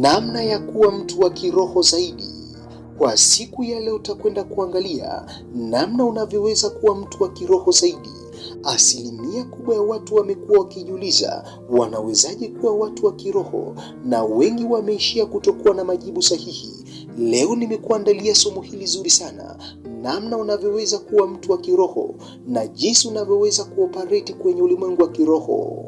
Namna ya kuwa mtu wa kiroho zaidi. Kwa siku ya leo utakwenda kuangalia namna unavyoweza kuwa mtu wa kiroho zaidi. Asilimia kubwa ya watu wamekuwa wakijiuliza wanawezaje kuwa watu wa kiroho, na wengi wameishia kutokuwa na majibu sahihi. Leo nimekuandalia somo hili zuri sana, namna unavyoweza kuwa mtu wa kiroho na jinsi unavyoweza kuopareti kwenye ulimwengu wa kiroho.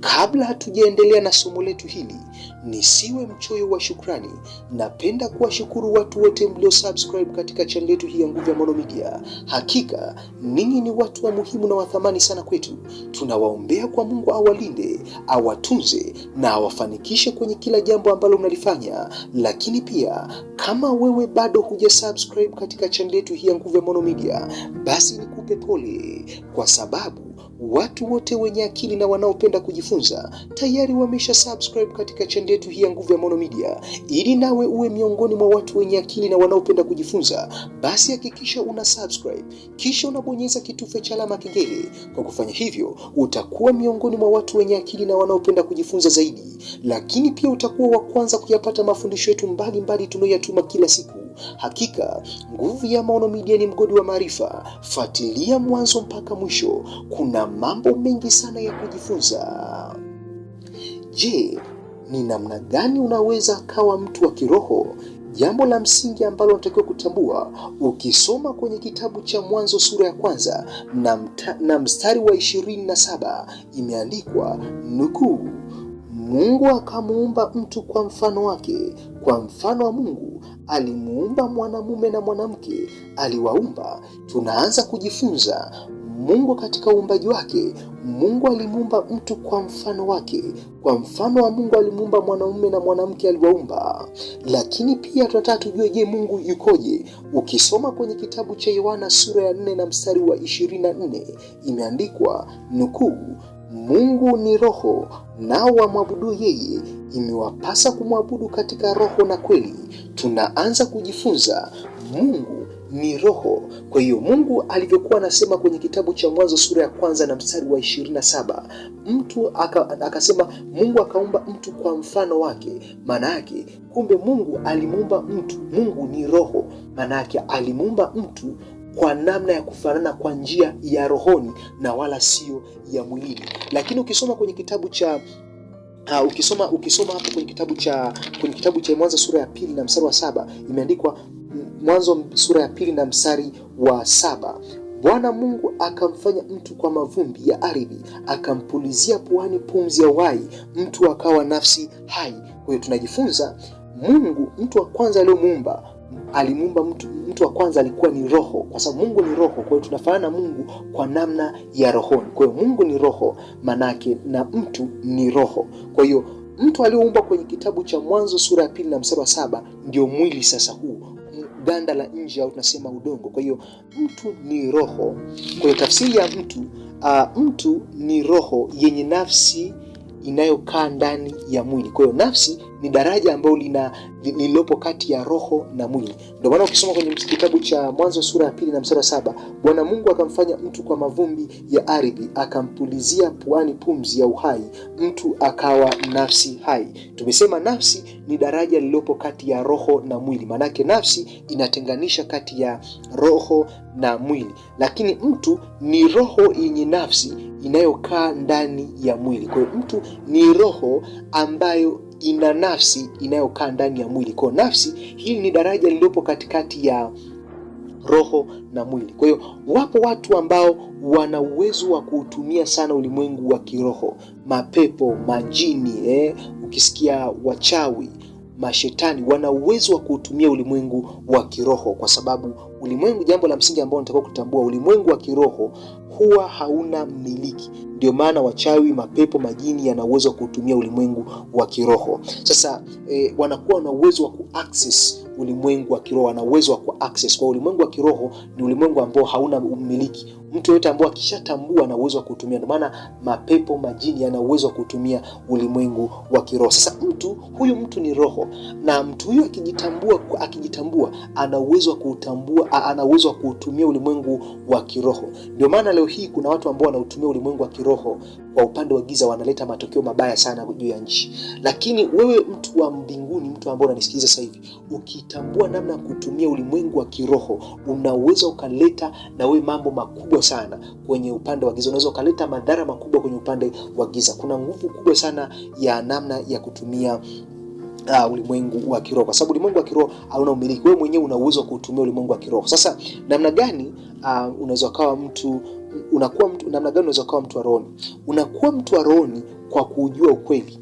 Kabla hatujaendelea na somo letu hili nisiwe mchoyo wa shukrani. Napenda kuwashukuru watu wote mlio subscribe katika channel yetu hii ya Nguvu ya Maono Media. Hakika ninyi ni watu wa muhimu na wathamani sana kwetu. Tunawaombea kwa Mungu awalinde, awatunze na awafanikishe kwenye kila jambo ambalo mnalifanya. Lakini pia kama wewe bado huja subscribe katika channel yetu hii ya Nguvu ya Maono Media, basi nikupe pole kwa sababu Watu wote wenye akili na wanaopenda kujifunza tayari wamesha subscribe katika channel yetu hii ya Nguvu ya Maono Media. Ili nawe uwe miongoni mwa watu wenye akili na wanaopenda kujifunza, basi hakikisha una subscribe kisha unabonyeza kitufe cha alama kengele. Kwa kufanya hivyo, utakuwa miongoni mwa watu wenye akili na wanaopenda kujifunza zaidi, lakini pia utakuwa wa kwanza kuyapata mafundisho yetu mbalimbali tunayoyatuma kila siku. Hakika nguvu ya Maono Media ni mgodi wa maarifa. Fuatilia mwanzo mpaka mwisho, kuna mambo mengi sana ya kujifunza. Je, ni namna gani unaweza kawa mtu wa kiroho? Jambo la msingi ambalo unatakiwa kutambua ukisoma kwenye kitabu cha Mwanzo sura ya kwanza na, mta, na mstari wa ishirini na saba imeandikwa nukuu, Mungu akamuumba mtu kwa mfano wake, kwa mfano wa Mungu alimuumba mwanamume na mwanamke aliwaumba. Tunaanza kujifunza Mungu katika uumbaji wake. Mungu alimuumba mtu kwa mfano wake, kwa mfano wa Mungu alimuumba mwanamume na mwanamke aliwaumba. Lakini pia tunataka tujue, je, Mungu yukoje? Ukisoma kwenye kitabu cha Yohana sura ya 4 na mstari wa 24 imeandikwa nukuu Mungu ni roho, nao wamwabudu yeye imewapasa kumwabudu katika roho na kweli. Tunaanza kujifunza Mungu ni roho. Kwa hiyo Mungu alivyokuwa anasema kwenye kitabu cha Mwanzo sura ya kwanza na mstari wa 27, mtu aka, akasema Mungu akaumba mtu kwa mfano wake. Maana yake kumbe Mungu alimuumba mtu. Mungu ni roho, maana yake alimuumba mtu kwa namna ya kufanana kwa njia ya rohoni na wala sio ya mwilini. Lakini ukisoma kwenye kitabu cha Ha, ah, ukisoma ukisoma hapo kwenye kitabu cha kwenye kitabu cha Mwanzo sura ya pili na mstari wa saba imeandikwa Mwanzo sura ya pili na mstari wa saba Bwana Mungu akamfanya mtu kwa mavumbi ya ardhi, akampulizia puani pumzi ya uhai, mtu akawa nafsi hai. Kwa hiyo tunajifunza Mungu, mtu wa kwanza aliyomuumba alimuumba mtu, mtu wa kwanza alikuwa ni roho, kwa sababu Mungu ni roho. Kwa hiyo tunafanana Mungu kwa namna ya rohoni. Kwa hiyo Mungu ni roho manake, na mtu ni roho. Kwa hiyo mtu aliyeumbwa kwenye kitabu cha Mwanzo sura ya pili na mstari wa saba ndio mwili sasa huu ganda la nje au tunasema udongo. Kwa hiyo mtu ni roho. Kwa hiyo tafsiri ya mtu uh, mtu ni roho yenye nafsi inayokaa ndani ya mwili. Kwa hiyo nafsi ni daraja ambayo lina lililopo kati ya roho na mwili. Ndio maana ukisoma kwenye kitabu cha Mwanzo sura ya pili na mstari wa saba, Bwana Mungu akamfanya mtu kwa mavumbi ya ardhi, akampulizia puani pumzi ya uhai, mtu akawa nafsi hai. Tumesema nafsi ni daraja lililopo kati ya roho na mwili, maanake nafsi inatenganisha kati ya roho na mwili, lakini mtu ni roho yenye nafsi inayokaa ndani ya mwili. Kwa hiyo mtu ni roho ambayo ina nafsi inayokaa ndani ya mwili. Kwa nafsi hili ni daraja lililopo katikati ya roho na mwili. Kwa hiyo wapo watu ambao wana uwezo wa kuutumia sana ulimwengu wa kiroho, mapepo, majini, eh, ukisikia wachawi mashetani wana uwezo wa kuutumia ulimwengu wa kiroho kwa sababu ulimwengu, jambo la msingi ambao nataka kutambua, ulimwengu wa kiroho huwa hauna mmiliki. Ndio maana wachawi, mapepo, majini yana uwezo wa kuutumia ulimwengu wa kiroho. Sasa e, wanakuwa na uwezo wa kuaccess ulimwengu wa kiroho, ana uwezo wa ku access kwa ulimwengu wa kiroho. Ni ulimwengu ambao hauna umiliki mtu yoyote, ambao akishatambua ana uwezo wa kutumia. Ndio maana mapepo, majini yana uwezo wa kutumia ulimwengu wa kiroho. Sasa mtu huyu, mtu ni roho, na mtu huyu akijitambua, akijitambua ana uwezo wa kutambua, ana uwezo wa kuutumia ulimwengu wa kiroho. Ndio maana leo hii kuna watu ambao wanautumia ulimwengu wa kiroho kwa upande wa giza wanaleta matokeo mabaya sana juu ya nchi. Lakini wewe mtu wa mbinguni, mtu ambaye unanisikiliza sasa hivi, ukitambua namna ya kutumia ulimwengu wa kiroho, unaweza ukaleta na wewe mambo makubwa sana kwenye upande wa giza, unaweza ukaleta madhara makubwa kwenye upande wa giza. Kuna nguvu kubwa sana ya namna ya kutumia Uh, ulimwengu wa kiroho kwa sababu ulimwengu wa kiroho hauna umiliki. Wewe mwenyewe una uwezo wa kuutumia ulimwengu wa kiroho. Sasa namna gani, uh, unaweza ukawa mtu unakuwa mtu namna gani unaweza kuwa mtu wa rohoni? Unakuwa mtu wa rohoni kwa kuujua ukweli.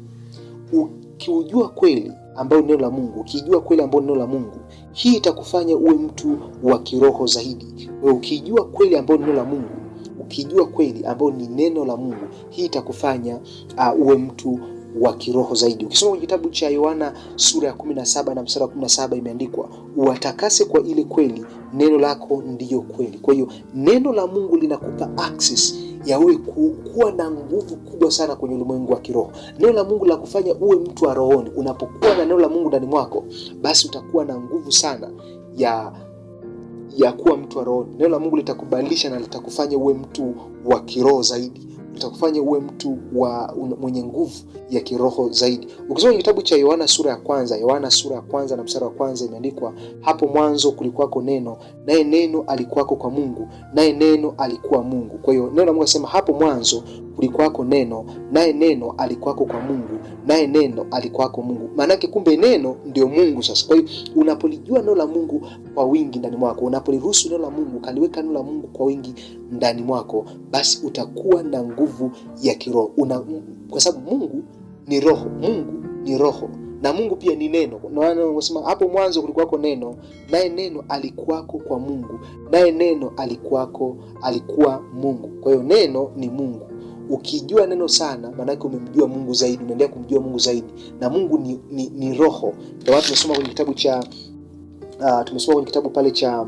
Ukiujua kweli ambayo neno la Mungu, ukijua kweli ambayo neno la Mungu, hii itakufanya uwe mtu wa kiroho zaidi. ukijua kweli ambayo neno la Mungu, ukijua kweli ambayo ni neno la Mungu, hii itakufanya uh, uwe mtu wa kiroho zaidi. Ukisoma kwenye kitabu cha Yohana sura ya 17 na mstari wa 17 imeandikwa, uwatakase kwa ile kweli neno lako ndiyo kweli. Kwa hiyo neno la Mungu linakupa access ya wewe kuwa na nguvu kubwa sana kwenye ulimwengu wa kiroho. Neno la Mungu la kufanya uwe mtu wa rohoni. Unapokuwa na neno la Mungu ndani mwako, basi utakuwa na nguvu sana ya ya kuwa mtu wa rohoni. Neno la Mungu litakubadilisha na litakufanya uwe mtu wa kiroho zaidi itakufanya uwe mtu wa mwenye nguvu ya kiroho zaidi. Ukisoma kitabu cha Yohana sura ya kwanza, Yohana sura ya kwanza na mstari wa kwanza imeandikwa, hapo mwanzo kulikuwako neno, naye neno alikuwako kwa Mungu, naye neno alikuwa Mungu. Kwa hiyo neno la Mungu anasema hapo mwanzo kulikuwako neno, naye neno alikuwako kwa Mungu, naye neno alikuwako Mungu. Maanake kumbe neno ndio Mungu. Sasa kwa hiyo unapolijua neno la Mungu kwa wingi ndani mwako, unapoliruhusu neno la Mungu, ukaliweka neno la Mungu kwa wingi ndani mwako, basi utakuwa na nguvu ya kiroho una, kwa sababu Mungu ni roho, Mungu ni roho na Mungu pia ni neno. Unasema hapo mwanzo kulikuwako neno, naye neno alikuwako kwa Mungu, naye neno alikuwako, alikuwa Mungu. Kwa hiyo neno ni Mungu. Ukijua neno sana, maanake umemjua Mungu zaidi, unaendelea kumjua Mungu zaidi, na Mungu ni, ni, ni roho. Ndio watu tumesoma kwenye kitabu cha uh, tumesoma kwenye kitabu pale cha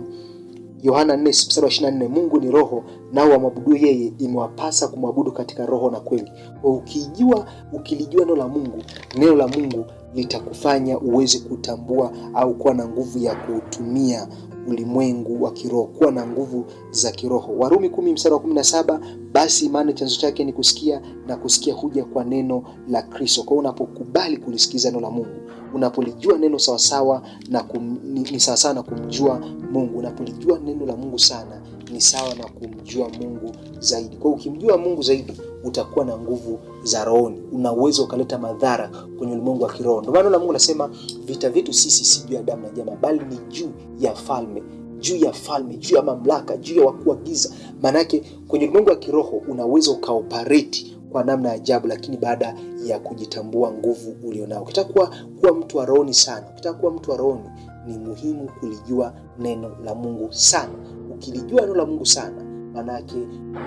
Yohana 4 mstari wa 24, Mungu ni roho nao wamwabudu yeye imewapasa kumwabudu katika roho na kweli. Ukijua ukilijua neno la Mungu, neno la Mungu litakufanya uweze kutambua au kuwa na nguvu ya kuutumia ulimwengu wa kiroho, kuwa na nguvu za kiroho. Warumi kumi mstari wa kumi na saba basi imani chanzo chake ni kusikia na kusikia huja kwa neno la Kristo. Kwa hiyo unapokubali kulisikiza neno la Mungu, unapolijua neno sawasawa na kum, ni, ni sawasawa na kumjua Mungu. Unapolijua neno la Mungu sana, ni sawa na kumjua Mungu zaidi. Kwa hiyo ukimjua Mungu zaidi utakuwa na nguvu za rohoni, una uwezo ukaleta madhara kwenye ulimwengu wa kiroho. Ndio maana la Mungu anasema vita vyetu sisi si juu ya damu na nyama, bali ni juu ya falme juu ya falme, juu ya mamlaka, juu ya wakuu wa giza. Maanake kwenye ulimwengu wa kiroho unaweza ukaoperate kwa namna ya ajabu, lakini baada ya kujitambua nguvu ulionao. Ukitaka kuwa, kuwa mtu wa rohoni sana, ukitaka kuwa mtu wa rohoni, ni muhimu kulijua neno la Mungu sana. Ukilijua neno la Mungu sana, maanake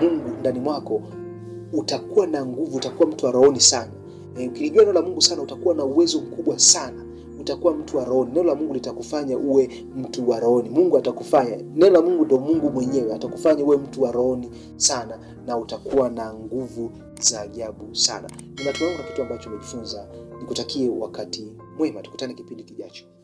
Mungu ndani mwako utakuwa na nguvu, utakuwa mtu wa rohoni sana. E, ukilijua neno la Mungu sana utakuwa na uwezo mkubwa sana, utakuwa mtu wa rohoni. Neno la Mungu litakufanya uwe mtu wa rohoni. Mungu atakufanya, neno la Mungu ndo Mungu mwenyewe atakufanya uwe mtu wa rohoni sana, na utakuwa na nguvu za ajabu sana. Ni matumaini na kitu ambacho umejifunza. Nikutakie wakati mwema, tukutane kipindi kijacho.